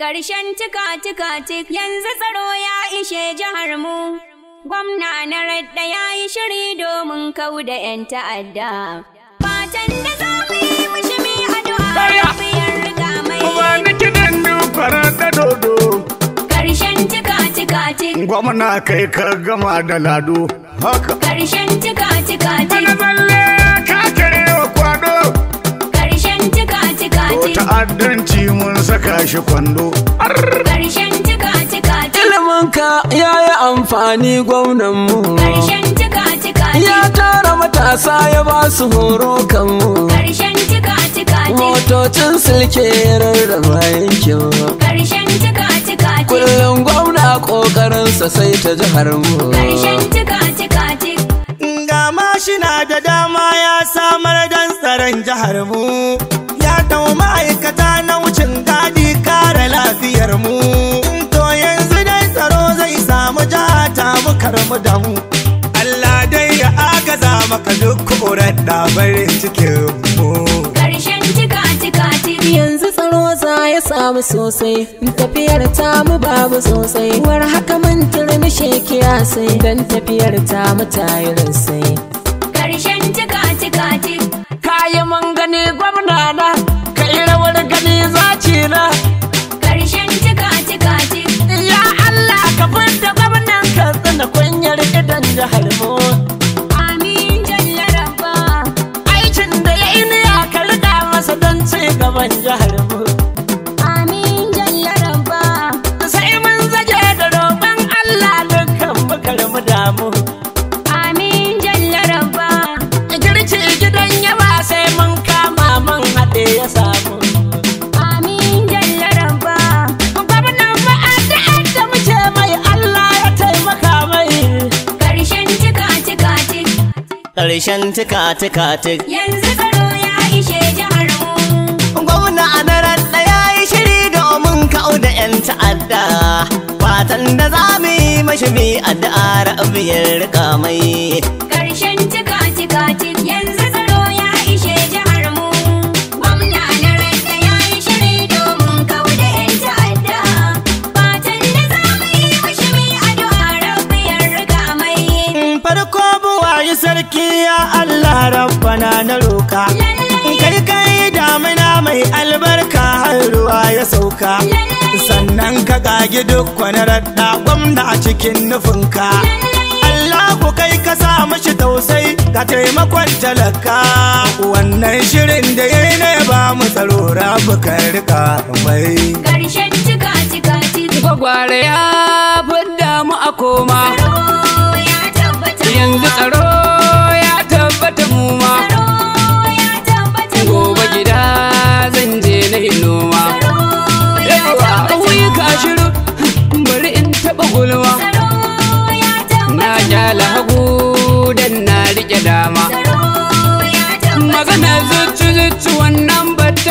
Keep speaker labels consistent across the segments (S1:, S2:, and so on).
S1: Ƙarshen cika cika yanzu tsaro ya ishe jihar mu. Gwamna na radda ya yi shiri domin kau da 'yan ta'adda. Fatan da za mu yi mushi mi addu'a biyar riga mai. Kuma ni kiɗan fara da dodo. Ƙarshen cika cika Gwamna kai ka gama da lado. Haka. Ƙarshen cika-cika-cik. ta'addanci mun saka shi kwando. Ƙarshen cika cika ka ya yi amfani mu. Ƙarshen cika cika Ya tara matasa ya ba su horo kan mu. Ƙarshen cika cika Motocin silke rarraba yankin. Ƙarshen cika cika Kullum gwamna sa sai ta jihar mu. Ƙarshen cika cika Ga mashina da dama ya samar don tsaron jihar mu. ɗau ma'aikata na wucin gadi kare lafiyar mu to yanzu dai tsaro zai samu jiha ta mu karmu da mu Allah dai ya agaza maka duk koren labarin cikin mu Karshen cika cika yanzu tsaro za ya samu sosai tafiyar ta mu babu sosai war haka mun turmishe kiyasai don tafiyar ta mu tayirin sai Karshen cika cika kayi mun gani hankali za ci na karshen cikaci-kaci. ya Allah ka da gwamnan ka tsana kunyar idan jihar mu amin jalla aikin da ya yi ne ka masa don ci gaban jihar ƙarshen tuka-tuka tuk. Yanzu karo ya ishe jihar mu. Gwamna a daren ɗaya yi shiri domin kau da 'yan ta'adda. Fatan da za mu yi mashi bi addu'a rabiyar rikamai. har ruwa ya sauka sannan ka gagi duk radda. gwamna a cikin nufinka Allahu kai ka sa mashi tausai ka taimakon talaka wannan shirin da ya ne ba mu tsaro rabu kan rika mai karshen cika cika cika gwagware ya fudda mu a koma yanzu tsaro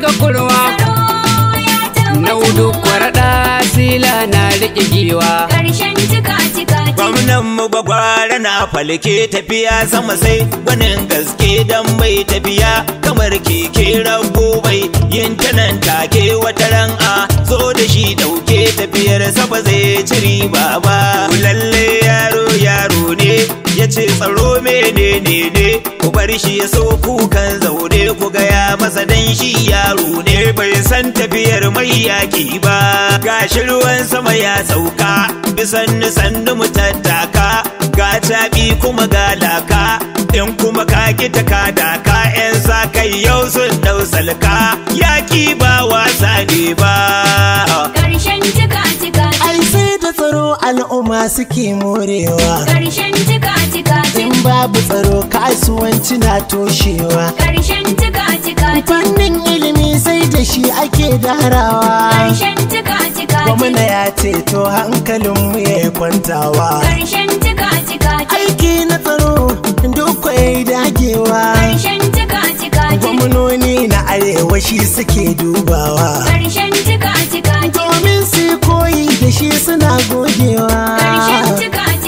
S1: daga kurwa na hudu kwarada sila na riƙe giwa gwamnan mu gwagwara na falke tafiya sama sai gwanin gaske dan mai tafiya kamar keke rabu bai yin tanan take wataran a zo da shi dauke tafiyar sa ba zai ci riba ba ce tsaro menene ne ku bar shi ya so kukan zaune ku gaya masa dan shi yaro ne bai san tafiyar mai yaki ba gashi ruwan sama ya sauka bisan nisan da mutattaka ga tabi kuma ga laka in kuma ka ki taka daka yan sa kai yau sun dau salka yaki ba wasa ne ba manoma suke morewa ƙarshen cika cika in babu tsaro kasuwanci na toshewa ƙarshen cika cika fannin ilimi sai da shi ake darawa ƙarshen cika cika gwamna ya ceto hankalin mu ya kwantawa ƙarshen cika cika aiki na tsaro duk ya dagewa ƙarshen cika gwamnoni na arewa shi suke dubawa Karshen cika cika domin su koyi da shi suna gogewa Karshen cika cika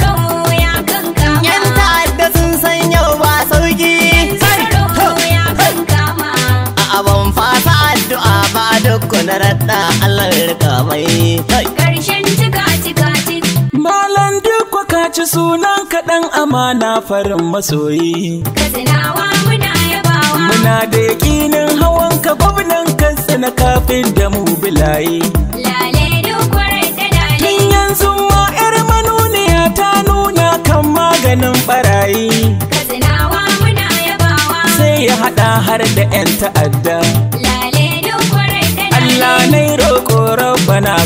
S1: na raɗa Allah rika mai. Karshen cika cika cik. Malam duk ka ci sunan kaɗan amana farin masoyi. Katsinawa muna yabawa. Muna da yakinin hawan ka gwamnan kansa na kafin da mu bilayi. Lale duk da lale. Tun yanzu ma 'yar manuniya ta nuna kan maganin barayi. Katsinawa muna yabawa. Sai ya haɗa har da 'yan ta'adda.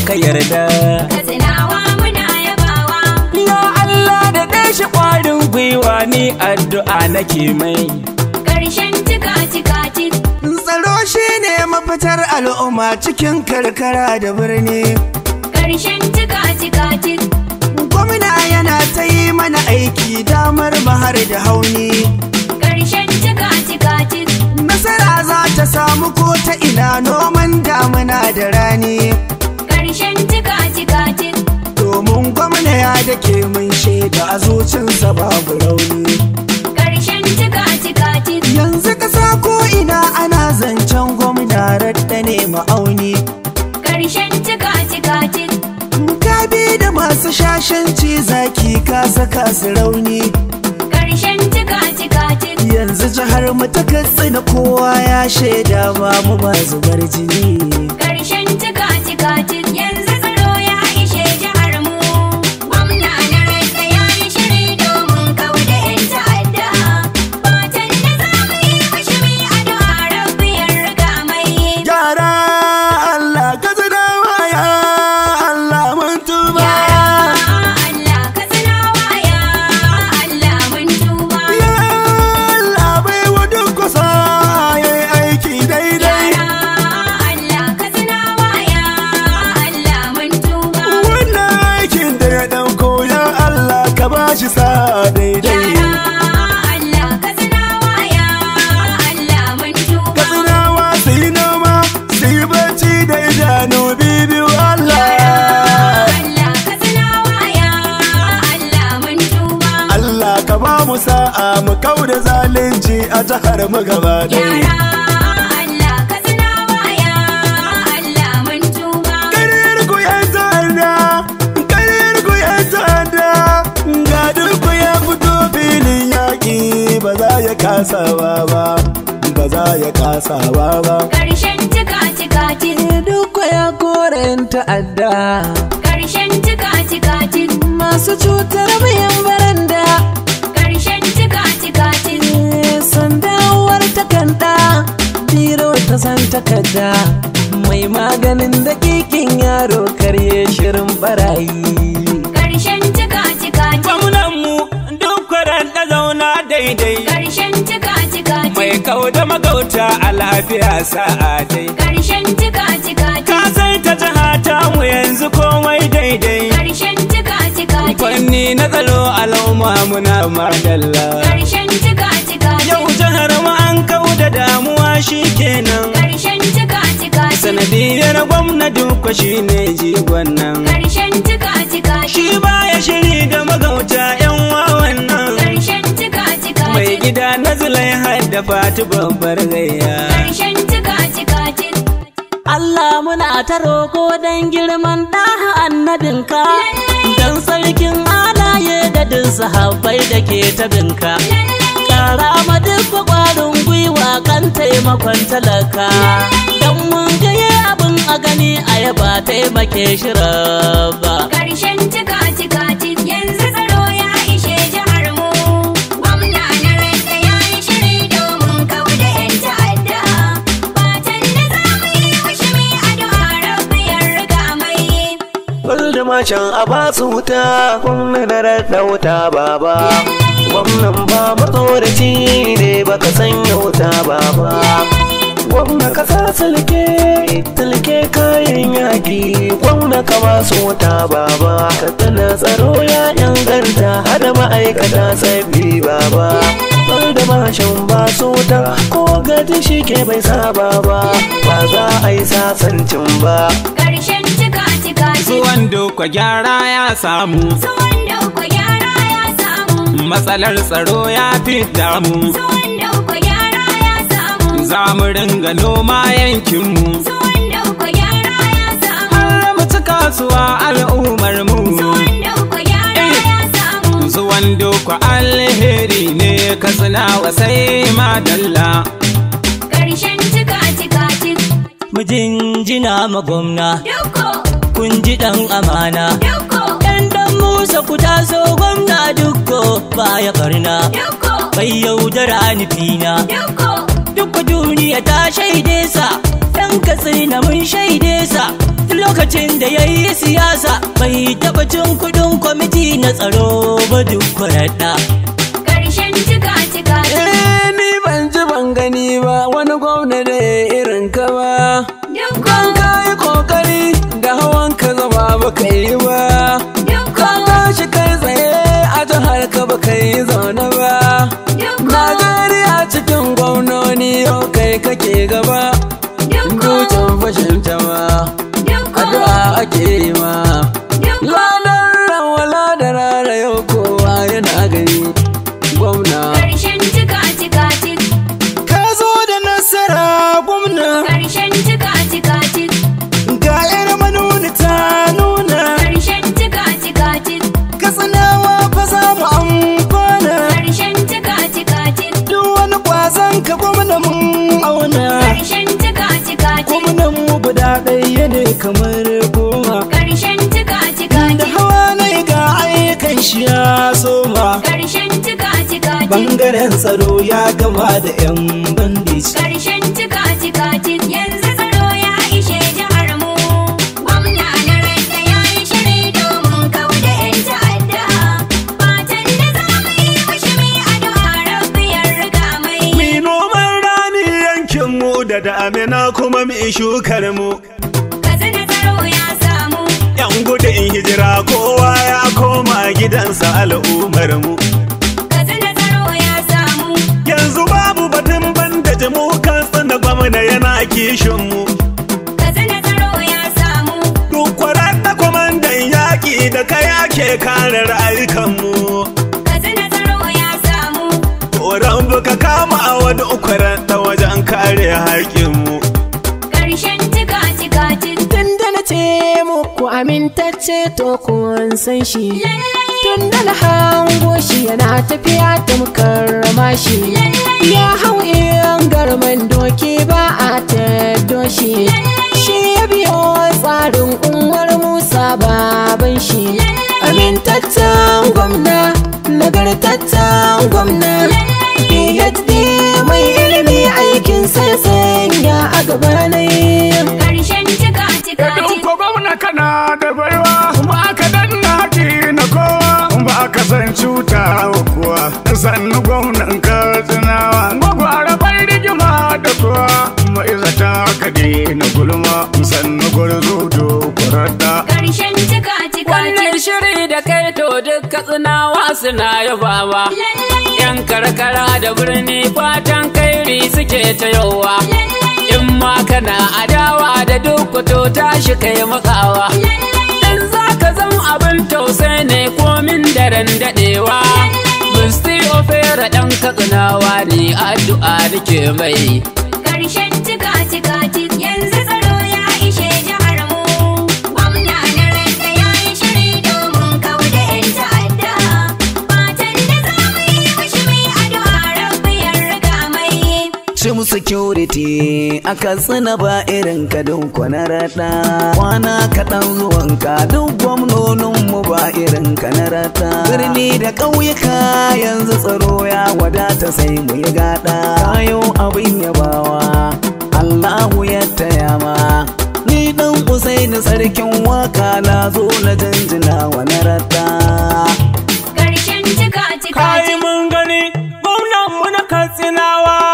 S1: ka yarda katsinawa muna yabawa ya Allah da dashi kwarin gwiwa ni addu'a nake mai ƙarshen cika cika tsaro shi ne mafitar al'umma cikin karkara da birni ƙarshen cika cika gwamna yana ta yi mana aiki damar bahar da hauni ƙarshen cika cika nasara za ta samu ko ta ina noman damuna da rani da ke mun shaida a babu rauni Karshen cika cika yanzu ƙasa ko ina ana zancen gwamna radda ne ma'auni Karshen cika cika ka bi da masu shashanci zaki ka saka su rauni Karshen cika cika yanzu jihar mu ta kowa ya shaida ba mu ba zubar jini sawa ba ƙarshen cika cikatin eh, duk ya koren ta'adda karshen cika cikatin masu cutar bayan baranda ƙarshen cika cikatin eh, sandawar takanɗa. biro ta san takarda mai maganin dakikin yaro magauta a lafiya sa'adai ƙarshen tika tika ka sai ta jiha ta mu yanzu komai daidai ƙarshen tika tika fanni na tsaro alauma muna madalla ƙarshen tika tika yau jihar mu an kauda damuwa shi shikenan ƙarshen tika tika sanadiyar gwamnati shi shine jigon nan ƙarshen tika tika shi baya shi da fati babbar gayya. Karshen cika cika Allah muna ta roko don girman ɗaha annabinka. Don sarkin alaye da duk sahabbai da ke tabinka. Ƙara ma duk ƙwarin gwiwa kan taimakon talaka. Don mun gaye abin a gani a yaba taimake shi raba. Ƙarshen can a ba su wuta gwamna da raɗauta baba gwamnan ba matsoraci ne baka san wuta baba gwamna ka sa silke silke kayan yaki gwamna ka ba su wuta baba ka tana tsaro ya garta hada ma'aikata sabbi baba bar da mashin ba su wuta ko gadi shi ke bai saba ba ba za a yi sasancin ba Zuwan doko gyara ya samu Matsalar tsaro ya fi damu Za mu ringa noma yankinmu Har mu ci kasuwa al'ummarmu eh. Zuwan doko alheri ne ka wa sai madalla Ƙarshen cika cika cik jina magwamna Doko kun ji ɗan amana yan dan musa ku taso gwamna dukko baya barna bai yaudara nufina duk duniya ta shaide sa dan katsi na mun shaide sa lokacin da ya yi siyasa bai taɓa cin kuɗin kwamiti na tsaro ba duk raɗa ƙarshen cika cika eh ni ban ji ban gani ba wani gwamna da irin ka ba baka yi ba kallon shi kai tsaye a jihar ka baka yi zaune ba Najeriya cikin gwamnoni yau kai kake gaba Dutsen fashin jama addu'a ake yi da 'yan bandit. Karshen cika yanzu tsaro ya ishe jihar mu. Gwamna na ranta ya yi shiri domin kawo da 'yan ta'adda. Fatan da za mu yi shimi a duwarar biyar riga mai. Mi noman rani yankin mu da damina kuma mu shukar mu. Kazana tsaro ya samu. Yan gudun hijira kowa ya koma gidansa al'ummar mu. ji mu kan da gwamna yana kishin mu kazana tsaro ya samu duk kwarar da kwamandan yaƙi da ka yake kare rayukan mu kazana tsaro ya samu tsoron buka kama a wani ukwarar ta wajen kare haƙin mu Karshen cika cika tun da na ce muku amintacce to kun san shi tun na hango shi yana tafiya tamkar mashi ya hau in garman doki ba a taddo shi shi ya biyo tsarin unwar musa baban shi amintaccen gwamna nagartaccen gwamna phd mai ilimi aikin sai sanya a gaba sannu gwamnan katsinawa gwagwara bai rigima da kowa mai zata ka na gulma sannu gwarzo da kwararta ƙarshen cika cika wannan shiri da kai to duk katsinawa suna yabawa yan karkara da birni fatan kairi suke ta yawa in ma kana adawa da duk kwato tashi kai makawa dan zaka zama abin tausayi ne komin daren dadewa fera ɗan katsinawa ne addu'a nake mai. Karshen cika cika Shim security a sana ba irin ka don na rata. Kwana kaɗan zuwan ka duk gwamnonin mu ba irin ka narata. rata. Birni da ƙauyuka yanzu tsaro ya wadata sai mu yi gaɗa. Kayo abin yabawa Allahu ya taya ma. Ni dan Usaini sarkin waka na zo na janjina wa na rata. Ƙarshen cika cika. Kayi mun gani gwamnan mu na Katsinawa.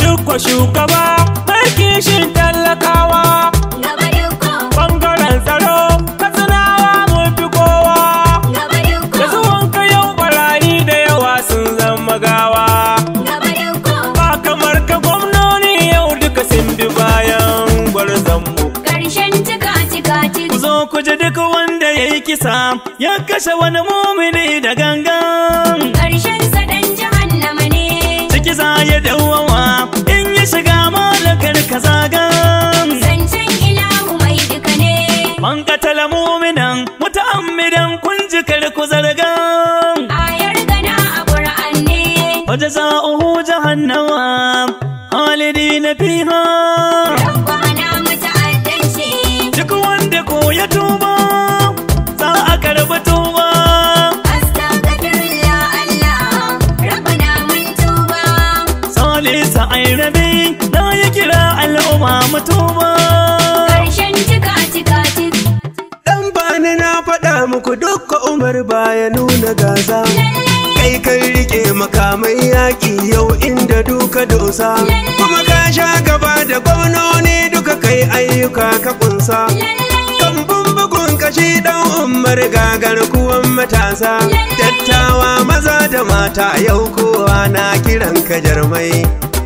S1: Dukko shugaba mai kishin talakawa Bangaren tsaro katsinawa mun fi kowa Da zuwan kayan barani da yawa sun zama gawa Ba kamar ka gwamnoni yau duka sun bi bayan gwarzonmu Karshen cika cika cika zo ku ji duk wanda ya yi kisa Ya kashe wani mumini da gangan da in yi shiga malakar ka zaga zancen ilahu mai duka ne man katala muminan muta'ammidan kun jikar ku zarga ayar gana a qur'an ne wa jazaohu jahannama halidina fiha kira al'umma mutuma. karshen cika cika dan bani na faɗa muku dukka umar baya nuna gaza kai kan riƙe makamai yaƙi yau inda duka dosa kuma ka sha gaba da gwamnoni duka kai ayyuka ka kunsa kashi ɗan umar gagar kuwan matasa dattawa maza da mata yau kowa na kiran ka jarmai